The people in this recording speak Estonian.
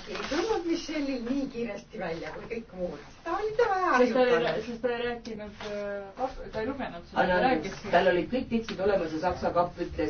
tagasi ei tulnud, mis oli nii kiiresti välja kui kõik muud. ta oli tema hea harjutada. sest ta ei rääkinud, äh, ta ei lugenud seda. tal olid kõik tekstid olemas ja saksa kapp ütles,